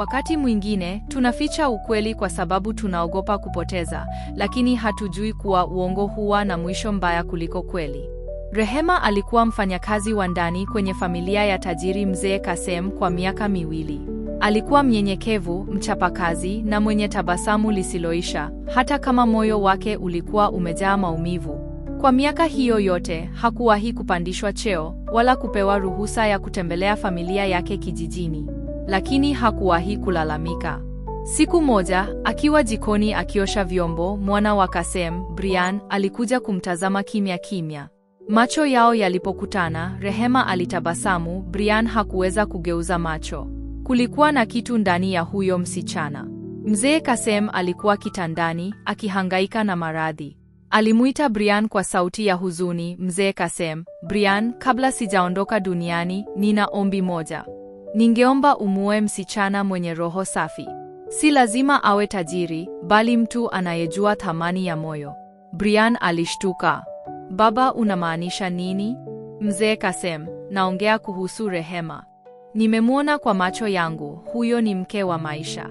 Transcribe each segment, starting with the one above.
Wakati mwingine tunaficha ukweli kwa sababu tunaogopa kupoteza, lakini hatujui kuwa uongo huwa na mwisho mbaya kuliko kweli. Rehema alikuwa mfanyakazi wa ndani kwenye familia ya tajiri mzee Kasem kwa miaka miwili. Alikuwa mnyenyekevu, mchapakazi na mwenye tabasamu lisiloisha, hata kama moyo wake ulikuwa umejaa maumivu. Kwa miaka hiyo yote hakuwahi kupandishwa cheo wala kupewa ruhusa ya kutembelea familia yake kijijini lakini hakuwahi kulalamika. Siku moja, akiwa jikoni akiosha vyombo, mwana wa Kasem, Brian, alikuja kumtazama kimya kimya. Macho yao yalipokutana, Rehema alitabasamu, Brian hakuweza kugeuza macho. Kulikuwa na kitu ndani ya huyo msichana. Mzee Kasem alikuwa kitandani, akihangaika na maradhi. Alimuita Brian kwa sauti ya huzuni, Mzee Kasem, Brian, kabla sijaondoka duniani, nina ombi moja. Ningeomba umuoe msichana mwenye roho safi. Si lazima awe tajiri, bali mtu anayejua thamani ya moyo. Brian alishtuka. Baba, unamaanisha nini? Mzee Kasem, naongea kuhusu Rehema. Nimemwona kwa macho yangu, huyo ni mke wa maisha.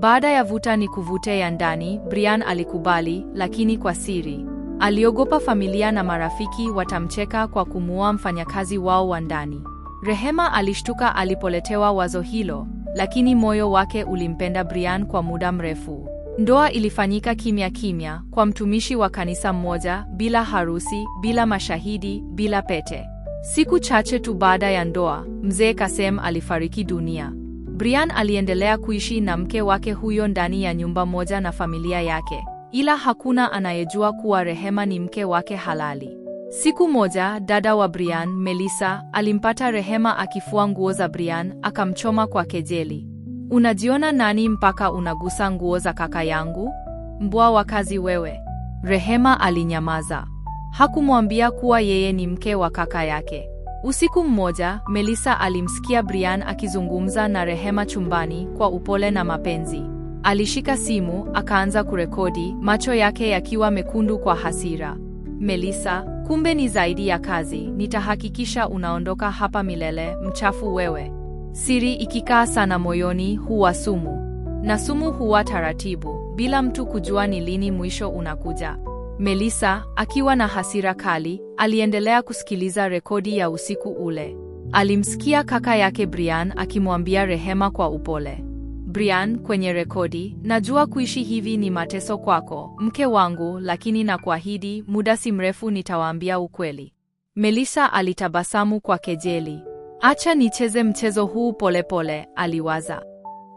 Baada ya vuta ni kuvute ya ndani, Brian alikubali, lakini kwa siri. Aliogopa familia na marafiki watamcheka kwa kumuoa mfanyakazi wao wa ndani. Rehema alishtuka alipoletewa wazo hilo, lakini moyo wake ulimpenda Brian kwa muda mrefu. Ndoa ilifanyika kimya kimya kwa mtumishi wa kanisa mmoja, bila harusi, bila mashahidi, bila pete. Siku chache tu baada ya ndoa, mzee Kasem alifariki dunia. Brian aliendelea kuishi na mke wake huyo ndani ya nyumba moja na familia yake, ila hakuna anayejua kuwa Rehema ni mke wake halali. Siku moja dada wa Brian, Melissa, alimpata Rehema akifua nguo za Brian, akamchoma kwa kejeli. Unajiona nani mpaka unagusa nguo za kaka yangu? Mbwa wa kazi wewe. Rehema alinyamaza. Hakumwambia kuwa yeye ni mke wa kaka yake. Usiku mmoja, Melissa alimsikia Brian akizungumza na Rehema chumbani kwa upole na mapenzi. Alishika simu, akaanza kurekodi, macho yake yakiwa mekundu kwa hasira. Melissa, kumbe ni zaidi ya kazi. Nitahakikisha unaondoka hapa milele, mchafu wewe. Siri ikikaa sana moyoni huwa sumu, na sumu huwa taratibu, bila mtu kujua ni lini mwisho unakuja. Melissa, akiwa na hasira kali, aliendelea kusikiliza rekodi ya usiku ule. Alimsikia kaka yake Brian akimwambia Rehema kwa upole. Brian kwenye rekodi, najua kuishi hivi ni mateso kwako, mke wangu, lakini nakuahidi muda si mrefu nitawaambia ukweli. Melissa alitabasamu kwa kejeli. Acha nicheze mchezo huu polepole, aliwaza.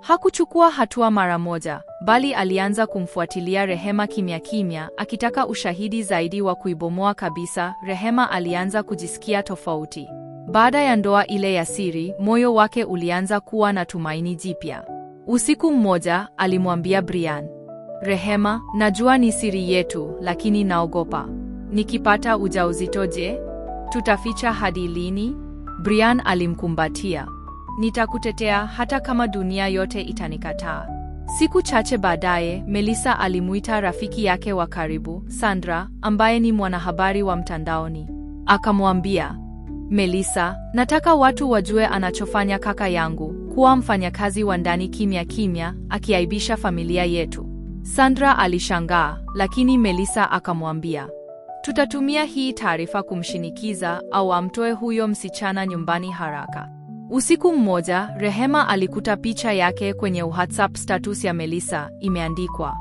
Hakuchukua hatua mara moja, bali alianza kumfuatilia Rehema kimya kimya, akitaka ushahidi zaidi wa kuibomoa kabisa. Rehema alianza kujisikia tofauti. Baada ya ndoa ile ya siri, moyo wake ulianza kuwa na tumaini jipya. Usiku mmoja alimwambia Brian, Rehema, najua ni siri yetu, lakini naogopa. Nikipata ujauzito je? Tutaficha hadi lini? Brian alimkumbatia. Nitakutetea hata kama dunia yote itanikataa. Siku chache baadaye, Melissa alimuita rafiki yake wa karibu, Sandra, ambaye ni mwanahabari wa mtandaoni. Akamwambia, Melissa, nataka watu wajue anachofanya kaka yangu kuwa mfanyakazi wa ndani kimya kimya, akiaibisha familia yetu. Sandra alishangaa, lakini Melissa akamwambia, tutatumia hii taarifa kumshinikiza au amtoe huyo msichana nyumbani haraka. Usiku mmoja, Rehema alikuta picha yake kwenye WhatsApp status ya Melissa, imeandikwa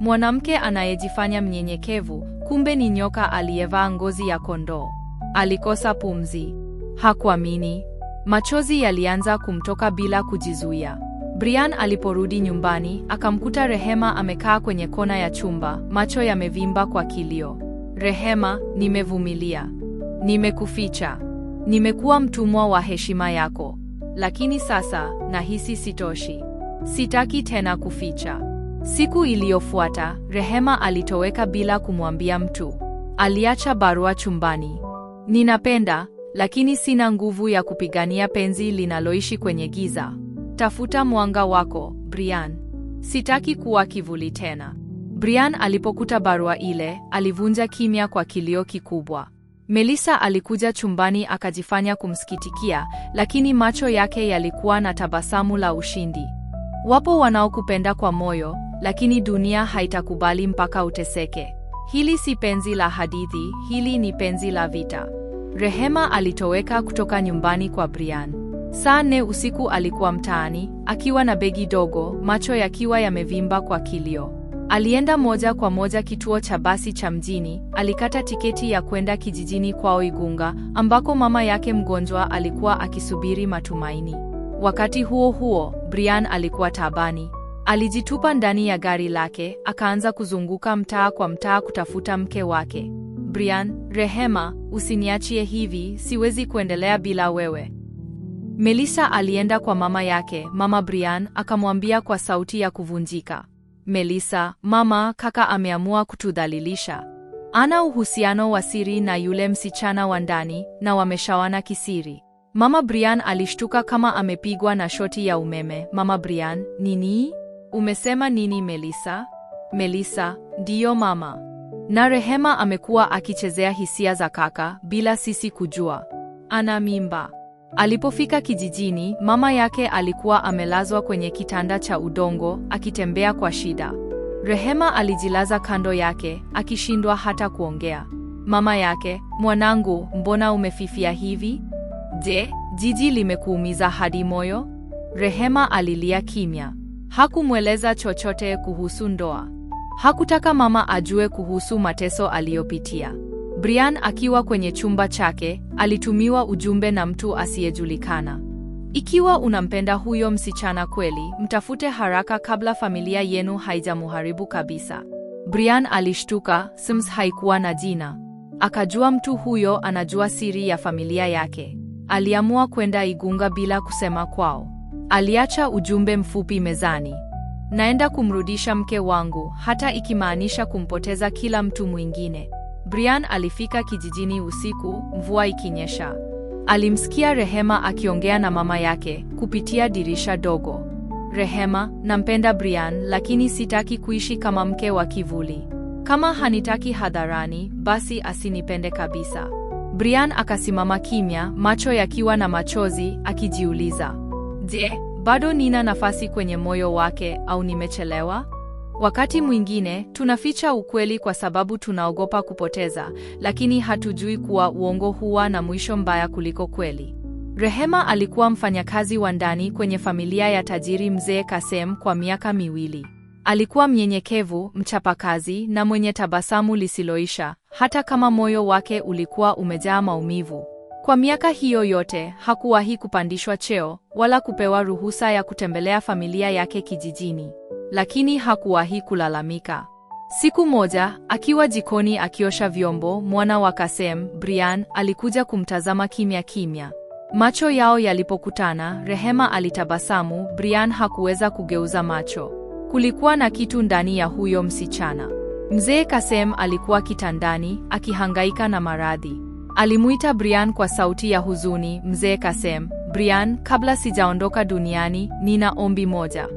mwanamke anayejifanya mnyenyekevu, kumbe ni nyoka aliyevaa ngozi ya kondoo. Alikosa pumzi, hakuamini. Machozi yalianza kumtoka bila kujizuia. Brian aliporudi nyumbani, akamkuta Rehema amekaa kwenye kona ya chumba, macho yamevimba kwa kilio. Rehema, nimevumilia. Nimekuficha. Nimekuwa mtumwa wa heshima yako. Lakini sasa nahisi sitoshi. Sitaki tena kuficha. Siku iliyofuata, Rehema alitoweka bila kumwambia mtu. Aliacha barua chumbani. Ninapenda lakini sina nguvu ya kupigania penzi linaloishi kwenye giza. Tafuta mwanga wako, Brian. Sitaki kuwa kivuli tena. Brian alipokuta barua ile, alivunja kimya kwa kilio kikubwa. Melissa alikuja chumbani akajifanya kumsikitikia, lakini macho yake yalikuwa na tabasamu la ushindi. Wapo wanaokupenda kwa moyo, lakini dunia haitakubali mpaka uteseke. Hili si penzi la hadithi, hili ni penzi la vita. Rehema alitoweka kutoka nyumbani kwa Brian. Saa nne usiku alikuwa mtaani akiwa na begi dogo, macho yakiwa yamevimba kwa kilio. Alienda moja kwa moja kituo cha basi cha mjini, alikata tiketi ya kwenda kijijini kwao Igunga, ambako mama yake mgonjwa alikuwa akisubiri matumaini. Wakati huo huo, Brian alikuwa tabani. Alijitupa ndani ya gari lake, akaanza kuzunguka mtaa kwa mtaa kutafuta mke wake. Brian, Rehema, usiniachie hivi, siwezi kuendelea bila wewe. Melissa alienda kwa mama yake, Mama Brian akamwambia kwa sauti ya kuvunjika. Melissa, mama, kaka ameamua kutudhalilisha. Ana uhusiano wa siri na yule msichana wa ndani na wameshawana kisiri. Mama Brian alishtuka kama amepigwa na shoti ya umeme. Mama Brian, nini? Umesema nini Melissa? Melissa, ndiyo mama na Rehema amekuwa akichezea hisia za kaka bila sisi kujua. Ana mimba. Alipofika kijijini, mama yake alikuwa amelazwa kwenye kitanda cha udongo akitembea kwa shida. Rehema alijilaza kando yake akishindwa hata kuongea. Mama yake, mwanangu, mbona umefifia hivi? Je, jiji limekuumiza hadi moyo? Rehema alilia kimya. Hakumweleza chochote kuhusu ndoa. Hakutaka mama ajue kuhusu mateso aliyopitia. Brian akiwa kwenye chumba chake, alitumiwa ujumbe na mtu asiyejulikana. Ikiwa unampenda huyo msichana kweli, mtafute haraka kabla familia yenu haijamuharibu kabisa. Brian alishtuka, Sims haikuwa na jina. Akajua mtu huyo anajua siri ya familia yake. Aliamua kwenda Igunga bila kusema kwao. Aliacha ujumbe mfupi mezani. Naenda kumrudisha mke wangu, hata ikimaanisha kumpoteza kila mtu mwingine. Brian alifika kijijini usiku, mvua ikinyesha. Alimsikia Rehema akiongea na mama yake kupitia dirisha dogo. Rehema, nampenda Brian, lakini sitaki kuishi kama mke wa kivuli. Kama hanitaki hadharani, basi asinipende kabisa. Brian akasimama kimya, macho yakiwa na machozi, akijiuliza, je, bado nina nafasi kwenye moyo wake au nimechelewa? Wakati mwingine tunaficha ukweli kwa sababu tunaogopa kupoteza, lakini hatujui kuwa uongo huwa na mwisho mbaya kuliko kweli. Rehema alikuwa mfanyakazi wa ndani kwenye familia ya tajiri mzee Kasem kwa miaka miwili. Alikuwa mnyenyekevu, mchapakazi na mwenye tabasamu lisiloisha, hata kama moyo wake ulikuwa umejaa maumivu. Kwa miaka hiyo yote hakuwahi kupandishwa cheo wala kupewa ruhusa ya kutembelea familia yake kijijini, lakini hakuwahi kulalamika. Siku moja akiwa jikoni akiosha vyombo, mwana wa Kasem, Brian, alikuja kumtazama kimya kimya. Macho yao yalipokutana, Rehema alitabasamu. Brian hakuweza kugeuza macho. Kulikuwa na kitu ndani ya huyo msichana. Mzee Kasem alikuwa kitandani akihangaika na maradhi. Alimuita Brian kwa sauti ya huzuni, mzee Kasem. Brian, kabla sijaondoka duniani, nina ombi moja.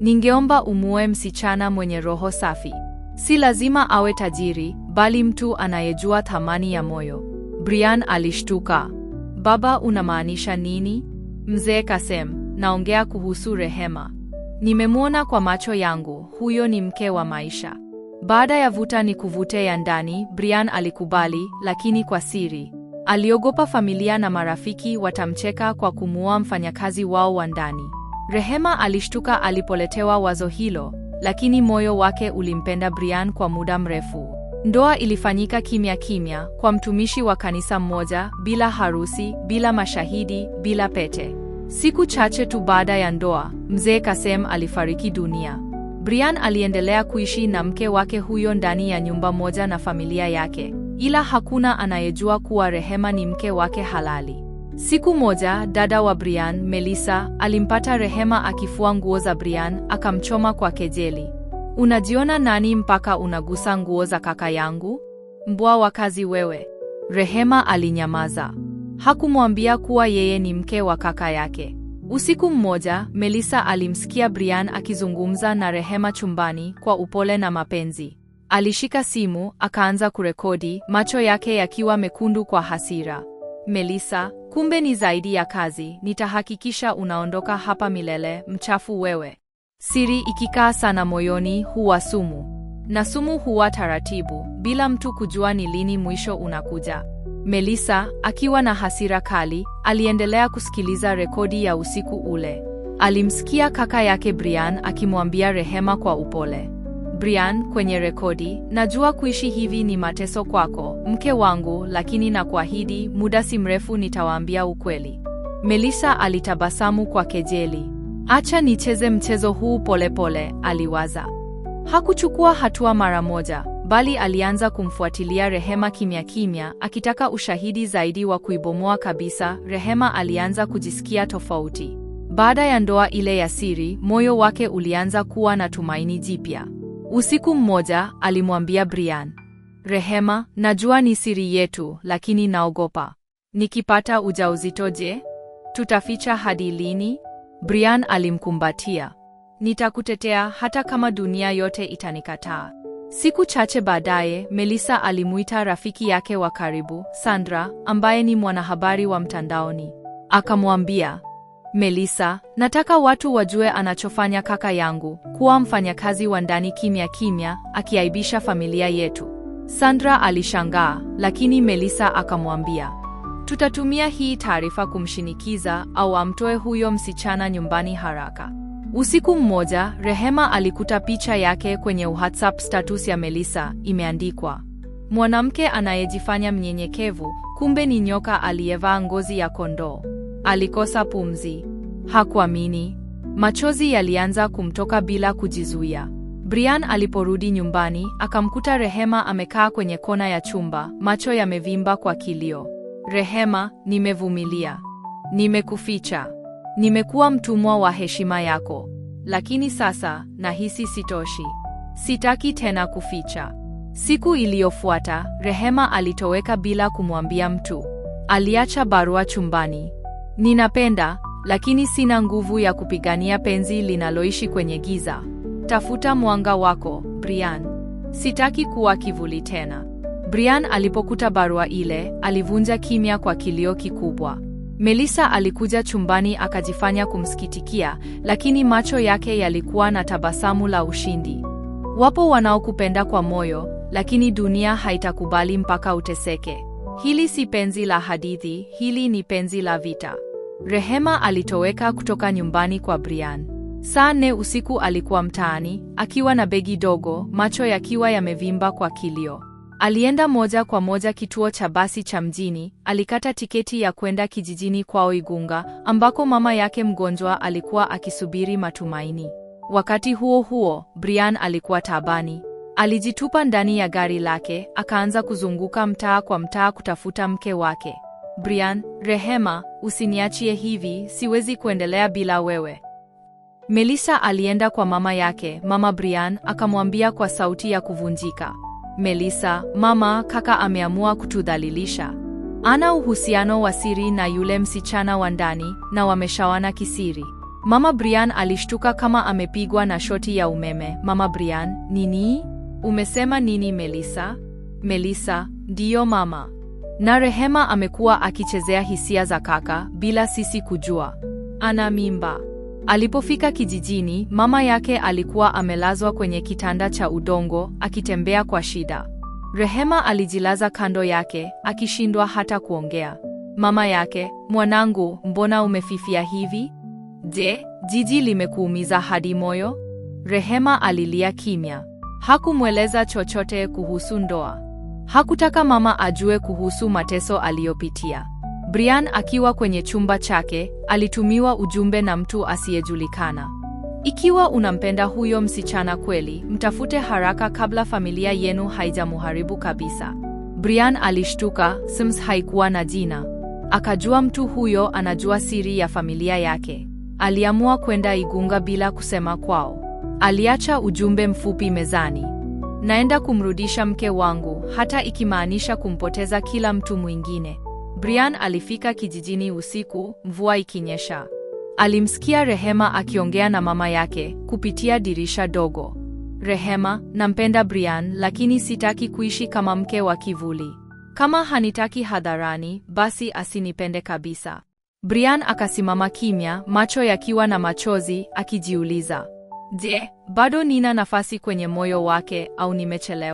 Ningeomba umuoe msichana mwenye roho safi. Si lazima awe tajiri, bali mtu anayejua thamani ya moyo. Brian alishtuka. Baba, unamaanisha nini? Mzee Kasem, naongea kuhusu Rehema. Nimemwona kwa macho yangu, huyo ni mke wa maisha. Baada ya vuta ni kuvute ya ndani, Brian alikubali, lakini kwa siri. Aliogopa familia na marafiki watamcheka kwa kumuoa mfanyakazi wao wa ndani. Rehema alishtuka alipoletewa wazo hilo, lakini moyo wake ulimpenda Brian kwa muda mrefu. Ndoa ilifanyika kimya kimya kwa mtumishi wa kanisa mmoja, bila harusi, bila mashahidi, bila pete. Siku chache tu baada ya ndoa, mzee Kasem alifariki dunia. Brian aliendelea kuishi na mke wake huyo ndani ya nyumba moja na familia yake, ila hakuna anayejua kuwa Rehema ni mke wake halali. Siku moja, dada wa Brian, Melissa, alimpata Rehema akifua nguo za Brian, akamchoma kwa kejeli. Unajiona nani mpaka unagusa nguo za kaka yangu? Mbwa wa kazi wewe. Rehema alinyamaza. Hakumwambia kuwa yeye ni mke wa kaka yake. Usiku mmoja, Melissa alimsikia Brian akizungumza na Rehema chumbani kwa upole na mapenzi. Alishika simu, akaanza kurekodi, macho yake yakiwa mekundu kwa hasira. Melissa, kumbe ni zaidi ya kazi, nitahakikisha unaondoka hapa milele, mchafu wewe. Siri ikikaa sana moyoni huwa sumu. Na sumu huwa taratibu, bila mtu kujua ni lini mwisho unakuja. Melissa, akiwa na hasira kali, aliendelea kusikiliza rekodi ya usiku ule. Alimsikia kaka yake Brian akimwambia Rehema kwa upole. Brian, kwenye rekodi, najua kuishi hivi ni mateso kwako, mke wangu, lakini nakuahidi muda si mrefu nitawaambia ukweli. Melissa alitabasamu kwa kejeli. Acha nicheze mchezo huu polepole pole, aliwaza. Hakuchukua hatua mara moja bali alianza kumfuatilia Rehema kimya kimya, akitaka ushahidi zaidi wa kuibomoa kabisa. Rehema alianza kujisikia tofauti. Baada ya ndoa ile ya siri, moyo wake ulianza kuwa na tumaini jipya. Usiku mmoja alimwambia Brian, Rehema, najua ni siri yetu, lakini naogopa. Nikipata ujauzito je? Tutaficha hadi lini? Brian alimkumbatia. Nitakutetea hata kama dunia yote itanikataa. Siku chache baadaye, Melissa alimuita rafiki yake wa karibu, Sandra, ambaye ni mwanahabari wa mtandaoni. Akamwambia, Melissa, nataka watu wajue anachofanya kaka yangu, kuwa mfanyakazi wa ndani kimya kimya, akiaibisha familia yetu. Sandra alishangaa, lakini Melissa akamwambia, tutatumia hii taarifa kumshinikiza au amtoe huyo msichana nyumbani haraka. Usiku mmoja, Rehema alikuta picha yake kwenye WhatsApp status ya Melissa, imeandikwa mwanamke anayejifanya mnyenyekevu, kumbe ni nyoka aliyevaa ngozi ya kondoo. Alikosa pumzi, hakuamini, machozi yalianza kumtoka bila kujizuia. Brian aliporudi nyumbani, akamkuta Rehema amekaa kwenye kona ya chumba, macho yamevimba kwa kilio. Rehema, nimevumilia, nimekuficha Nimekuwa mtumwa wa heshima yako, lakini sasa nahisi sitoshi. Sitaki tena kuficha. Siku iliyofuata, Rehema alitoweka bila kumwambia mtu. Aliacha barua chumbani. Ninapenda, lakini sina nguvu ya kupigania penzi linaloishi kwenye giza. Tafuta mwanga wako, Brian. Sitaki kuwa kivuli tena. Brian alipokuta barua ile, alivunja kimya kwa kilio kikubwa. Melissa alikuja chumbani akajifanya kumsikitikia, lakini macho yake yalikuwa na tabasamu la ushindi. Wapo wanaokupenda kwa moyo, lakini dunia haitakubali mpaka uteseke. Hili si penzi la hadithi, hili ni penzi la vita. Rehema alitoweka kutoka nyumbani kwa Brian. Saa nne usiku alikuwa mtaani, akiwa na begi dogo, macho yakiwa yamevimba kwa kilio. Alienda moja kwa moja kituo cha basi cha mjini, alikata tiketi ya kwenda kijijini kwao Igunga, ambako mama yake mgonjwa alikuwa akisubiri matumaini. Wakati huo huo, Brian alikuwa taabani. Alijitupa ndani ya gari lake, akaanza kuzunguka mtaa kwa mtaa kutafuta mke wake. Brian, Rehema, usiniachie hivi, siwezi kuendelea bila wewe. Melissa alienda kwa mama yake, Mama Brian, akamwambia kwa sauti ya kuvunjika. Melissa, mama kaka ameamua kutudhalilisha. Ana uhusiano wa siri na yule msichana wa ndani na wameshawana kisiri. Mama Brian alishtuka kama amepigwa na shoti ya umeme. Mama Brian, nini? Umesema nini Melissa? Melissa, ndiyo mama. Na Rehema amekuwa akichezea hisia za kaka bila sisi kujua. Ana mimba. Alipofika kijijini, mama yake alikuwa amelazwa kwenye kitanda cha udongo, akitembea kwa shida. Rehema alijilaza kando yake, akishindwa hata kuongea. Mama yake, mwanangu, mbona umefifia hivi? Je, jiji limekuumiza hadi moyo? Rehema alilia kimya. Hakumweleza chochote kuhusu ndoa. Hakutaka mama ajue kuhusu mateso aliyopitia. Brian akiwa kwenye chumba chake, alitumiwa ujumbe na mtu asiyejulikana. Ikiwa unampenda huyo msichana kweli, mtafute haraka kabla familia yenu haijamuharibu kabisa. Brian alishtuka, Sims haikuwa na jina. Akajua mtu huyo anajua siri ya familia yake. Aliamua kwenda Igunga bila kusema kwao. Aliacha ujumbe mfupi mezani. Naenda kumrudisha mke wangu, hata ikimaanisha kumpoteza kila mtu mwingine. Brian alifika kijijini usiku, mvua ikinyesha. Alimsikia Rehema akiongea na mama yake kupitia dirisha dogo. Rehema, nampenda Brian lakini sitaki kuishi kama mke wa kivuli. Kama hanitaki hadharani, basi asinipende kabisa. Brian akasimama kimya, macho yakiwa na machozi, akijiuliza, je, bado nina nafasi kwenye moyo wake au nimechelewa?